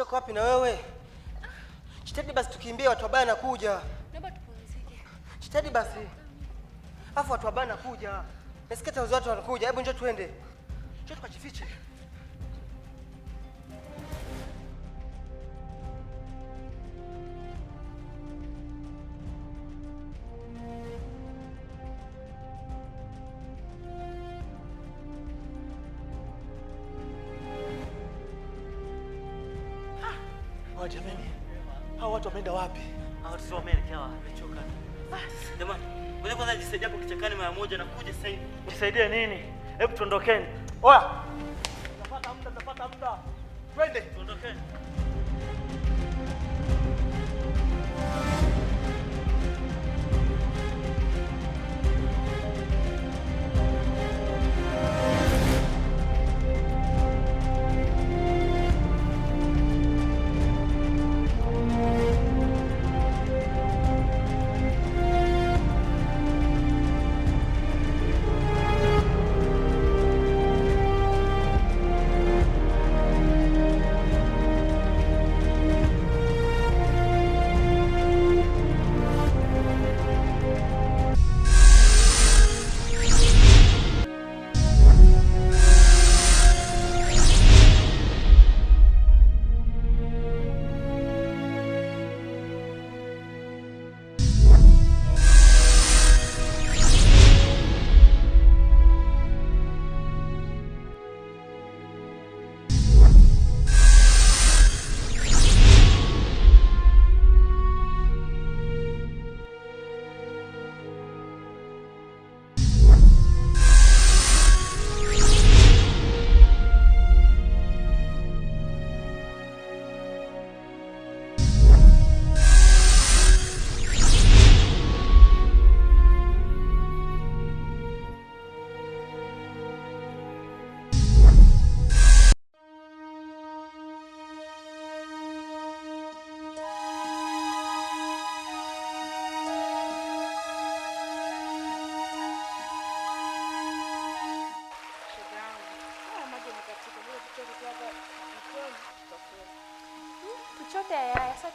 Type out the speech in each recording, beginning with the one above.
Umetoka wapi na wewe? Chitadi basi tukimbie, watu wabaya kuja. Naomba tupumzike. Chitadi basi. afu watu wabaya nakuja. Nasikia tauzo watu wanakuja. Hebu njoo tuende. Njoo tukajifiche. jamani, hao watu wameenda wapi? Hao watu Jamani, ngoja kwanza nisaidie hapo kichakani mara moja na kuja sasa hivi. nini? Hebu tuondokeni. Oya,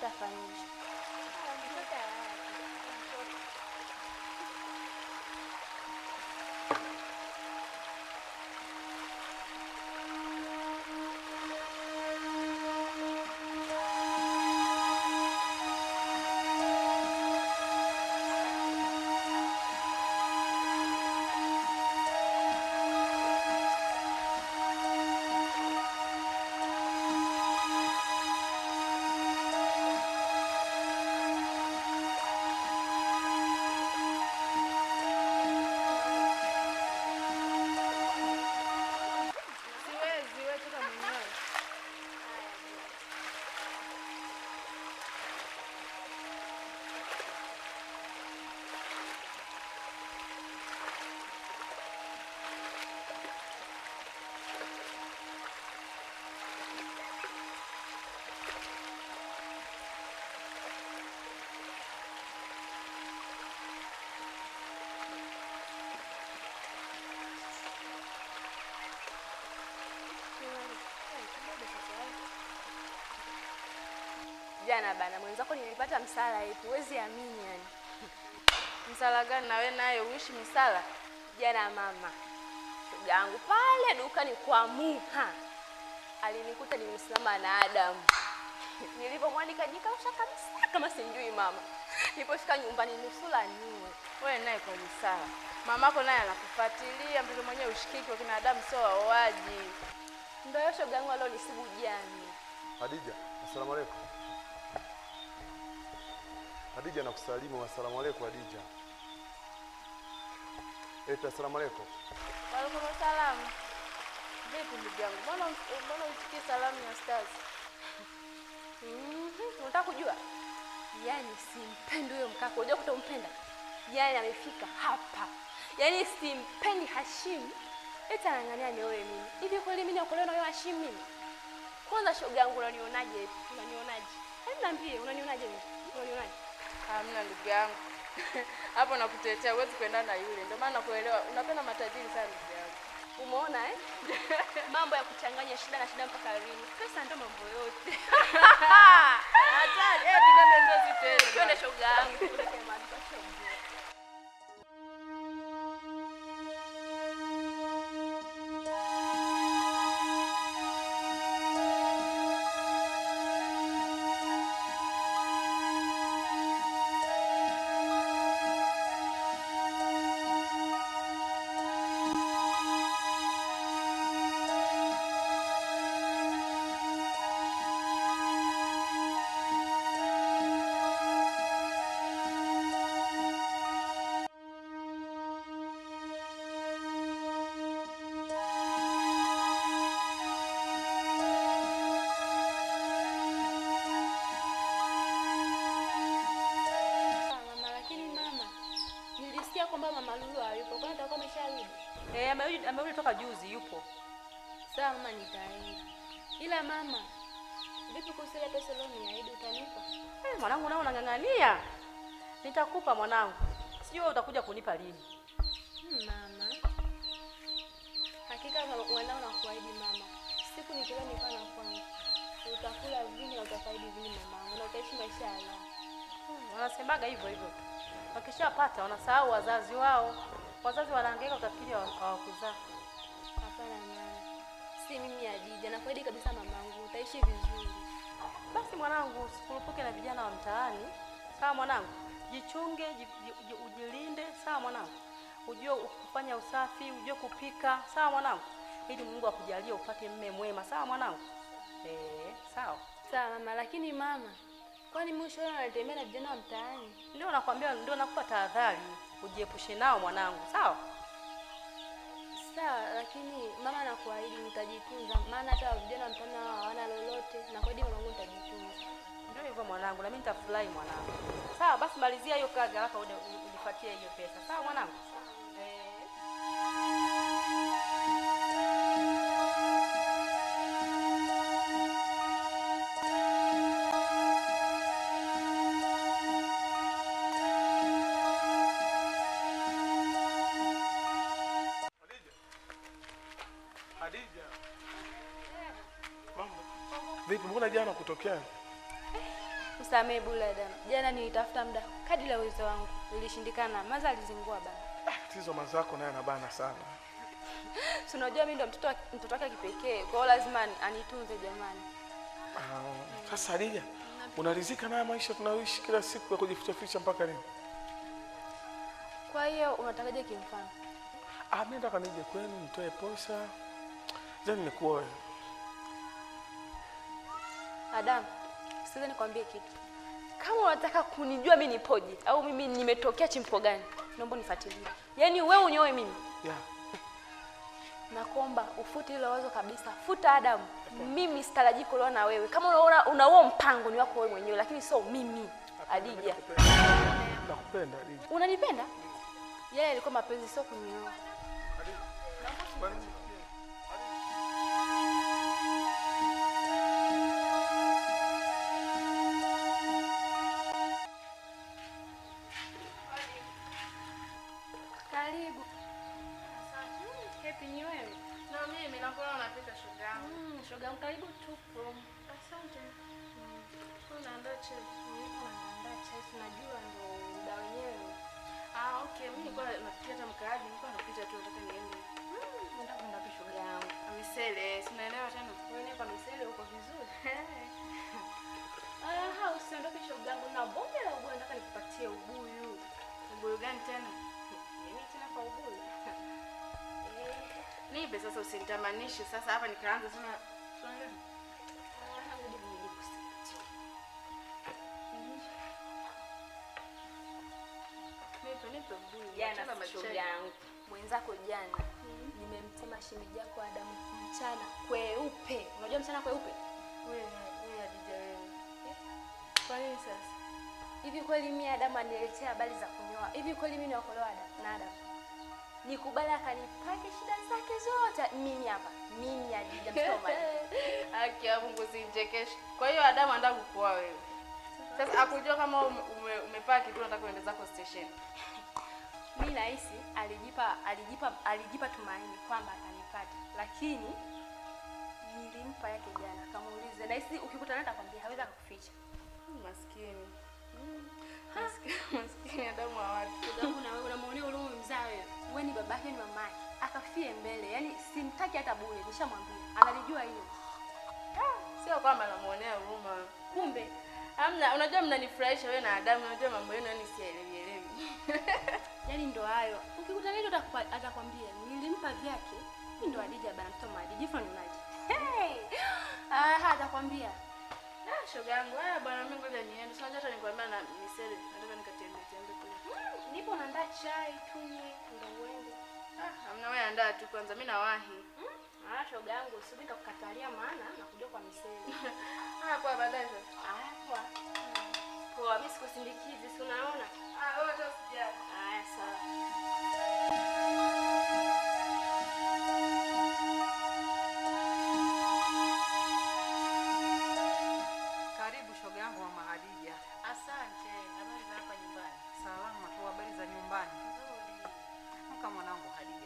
da tá família. jana bana, mwenzako nilipata msala yetu, huwezi amini yani. Msala gani? Na wewe naye uishi msala? Jana mama shoga yangu pale dukani kwa Muha alinikuta nimesimama na Adamu. Nilipomwandika jikausha kabisa kama sijui mama. Nilipofika nyumbani nusula niwe. Wewe naye kwa msala. Mamako naye anakufuatilia mtoto mwenyewe ushikiki wa kinadamu sio waoaji. Ndio shoga yangu alionisibu jani. Hadija, asalamu alaykum. Hadija nakusalimu. Asalamu alaykum Hadija. Eti asalamu alaykum. Wa alaykum Vipi ndugu yangu? Mbona mbona salamu ya stars? Mhm, unataka kujua? Yaani simpendi huyo mkako. Unajua kutompenda. Yaani amefika hapa. Yaani simpendi Hashim. Eta anang'ania nioe mimi. Hivi kweli mimi nakolewa na huyo Hashim mimi? Kwanza shoga yangu unanionaje? Unanionaje? Hebu yaani niambie unanionaje mimi? Unanionaje? Hamna ndugu yangu hapo nakutetea, huwezi kuenda na yule. Ndio maana nakuelewa, unapenda matajiri sana ndugu yangu. Umeona eh? mambo ya kuchanganya shida na shida mpaka lini? Pesa ndio mambo yote. Hatari, eh, ndio ndio tena. Twende shoga yangu. toka juzi yupo. Sawa mama, nitaenda. Ila mama, vipi kuhusu ile pesa leo niahidi utanipa? Eh, mwanangu nao unang'ang'ania. Nitakupa mwanangu. Sijui wewe utakuja kunipa lini. Hmm, mama. Hakika kama mwanao nakuahidi mama. Siku nikila nikaa na kwangu. Utakula vini na utafaidi vini mamangu na utaishi maisha ya Allah. Hmm, wanasemaga hivyo hivyo. Wakishapata wanasahau wazazi wao. Wazazi wanahangaika, utafikiri wakuzaa. kweli kabisa mamangu, utaishi vizuri. Basi mwanangu, usikurupuke na vijana wa mtaani, sawa mwanangu? Jichunge, ujilinde, sawa mwanangu? Ujue kufanya usafi, ujue kupika, sawa mwanangu? Ili Mungu akujalie upate mme mwema, sawa mwanangu? Eh, sawa sawa mama. Lakini mama, kwani mwisho anatembea na vijana wa mtaani? Ndio nakwambia, ndio nakupa tahadhari, ujiepushe nao mwanangu, sawa? sawa, lakini mama nakuahidi nitajitunza, maana hata vijana mtana hawana lolote. Nakuahidi mwanangu, nitajitunza. Ndio hivyo mwanangu, na mimi nitafurahi mwanangu. Sawa basi, malizia hiyo kazi, alafu unifuatie hiyo pesa. Sawa mwanangu. Vipi, mbona jana kutokea? Usamee bula dam. Jana nilitafuta muda kadri la uwezo wangu, ilishindikana. Maza alizingua bana. Ah, tizo mazako naye anabana sana. Tunajua mimi ndo mtoto mtoto wake kipekee. Kwa hiyo lazima anitunze jamani. Ah, sasa hmm. Lija, unaridhika na maisha tunayoishi kila siku ya kujificha ficha mpaka leo? Kwa hiyo unatarajia kimfano? Ah, mimi nataka nije kwenu nitoe posa. Jana yaani nikuoe. Adamu, sikiza nikwambie kitu. Kama unataka kunijua mimi nipoje au mimi nimetokea chimpo gani, naomba nifuatilie. Yaani wewe unyoe mimi yeah. Nakuomba ufute ile wazo kabisa, futa Adamu. Okay. Mimi sitarajii kuolewa na wewe. Kama unaona unao mpango ni wako wewe mwenyewe, lakini sio mimi. Adija, nakupenda Adija. Unanipenda? Yeye alikuwa mapenzi, sio kunioa. Karibu. Happy New wewe? Na mimi na nakuwa unapika shoga Mm, shoga karibu tu. Asante. Mm. Unaandaa chai? Niko naandaa chai, tunajua ndo muda wenyewe. Ah, okay, mimi kwa nafikia hata mkaaji, nilikuwa napita tu nataka niende. Mm, nataka kwenda kwa shoga yangu. Amisele, sinaelewa tena. Wewe ni kwa misele uko vizuri. Ah, usiondoke shoga yangu na bonge la ubuyu nataka nikupatie ubuyu. Ubuyu gani tena? Nipe sasa, usinitamanishe sasa hapa nikaanza sana mwenzako jana -hmm. Nimemtema shemeji yako Adamu mchana kweupe. Unajua mchana kweupe hivi kweli? Mimi Adamu aniletea habari za kunyoa hivi kweli? Mimi niokolewa na Adamu nikubali akanipake shida zake zote. Mimi hapa mimi Hadija Msomali. Haki ya Mungu sinchekeshe. Kwa hiyo Adamu anataka kukuoa wewe. Sasa akujua kama umepaa kitu unataka kuenda zako station. Mimi nahisi alijipa alijipa alijipa tumaini kwamba atanipata, lakini nilimpa yake jana, kamuulize. Nahisi ukikutana atakwambia, hawezi kukuficha. Maskini. Maskini. Maskini. Hataki hata bure, nishamwambia. Analijua hiyo. Ah, sio kwamba namuonea huruma. Kumbe hamna, unajua mnanifurahisha wewe na Adamu, unajua mambo yenu yani sielewi elewi. Yaani ndo hayo. Ukikutana naye atakwambia nilimpa vyake. Mimi ndo Adija bana mtoto maji. Different maji. Hey! Ah, atakwambia. Ah, shoga yangu, ah bwana mimi ngoja niende. Sasa hata nikwambia na miseli, nataka nikatembee tembee kule. Hmm, nipo naandaa chai tunywe, ndo wewe. Ah, hamna wewe andaa tu kwanza, mimi nawahi. Ah, shoga yangu usije nikakukatalia maana nakuja kwa miseli. Ah, kwa baadaye sasa. Ah, kwa. Poa, mimi sikusindikizi, si unaona? Ah, wewe hata usijali. Ah, sawa. shoga yangu Mama Hadija. Asante. Habari Salama tu, habari za nyumbani? Nzuri. Mwanangu Hadija.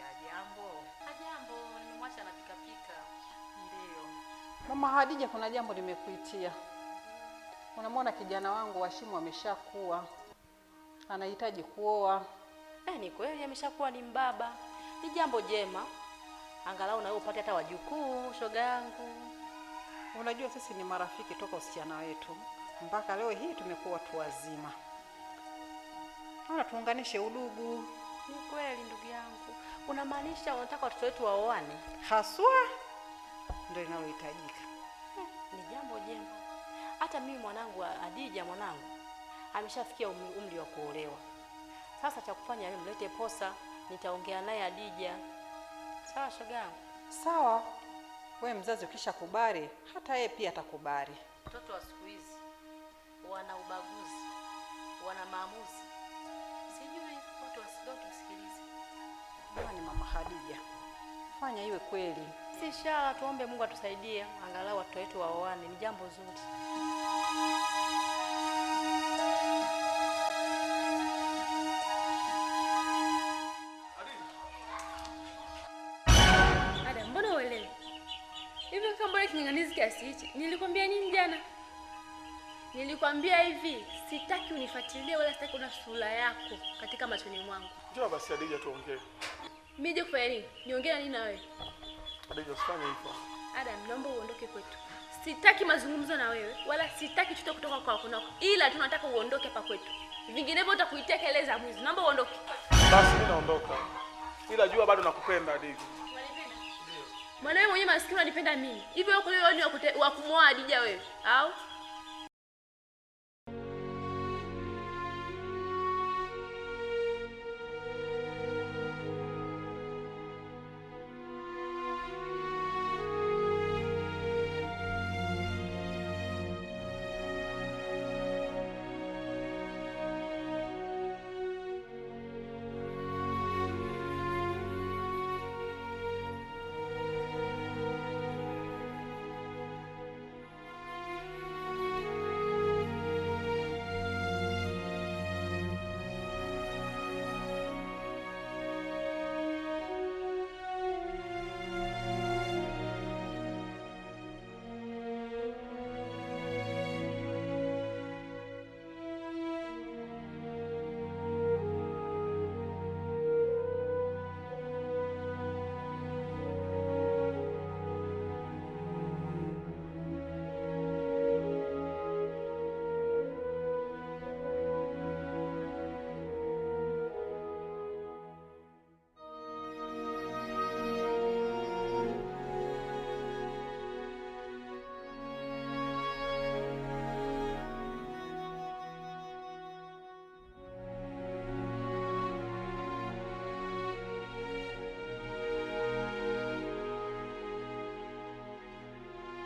Tamasha na pika pika. Ndio. Mama Hadija, kuna jambo nimekuitia. Unamwona kijana wangu Washimu ameshakuwa anahitaji kuoa. Eh, ni kweli ameshakuwa ni mbaba. Ni jambo jema, angalau na upate hata wajukuu. Shoga yangu, unajua sisi ni marafiki toka usichana wetu mpaka leo hii tumekuwa watu wazima, ana tuunganishe udugu. Ni kweli ndugu yangu. Unamaanisha unataka watoto wetu waoane? Haswa ndio linalohitajika. Hmm, ni jambo jema. Hata mimi mwanangu Adija, mwanangu ameshafikia umri wa kuolewa. Sasa cha kufanya mlete posa, nitaongea naye Adija. Sawa shogangu? Sawa. We mzazi ukishakubali, hata yeye pia atakubali. Watoto wa siku hizi wana ubaguzi, wana maamuzi, sijui watu wasidoti Kwani mama Khadija, fanya iwe kweli, si ishara. Tuombe Mungu atusaidie, angalau watoto wetu waoane, ni jambo zuri. Ada, kiasi hichi, nilikwambia nini jana? Nilikwambia hivi, sitaki unifuatilie wala sitaki una sura yako katika machoni mwangu. Njoo basi Adija, tuongee. Mimi je kufanya nini? Niongea nini na wewe? Ada, usifanye hivyo. Ada, naomba uondoke kwetu. Sitaki mazungumzo na wewe wala sitaki chochote kutoka kwa kunako. ila tunataka uondoke hapa kwetu. Vinginevyo utakuitia kelele za mwizi. Naomba uondoke. Basi mimi naondoka. Ila jua bado nakupenda Adija. Unanipenda? Ndio. Mwanae mwenyewe maskini unanipenda mimi. Hivyo wewe kwa leo ni wa kumwoa Adija wewe? Au?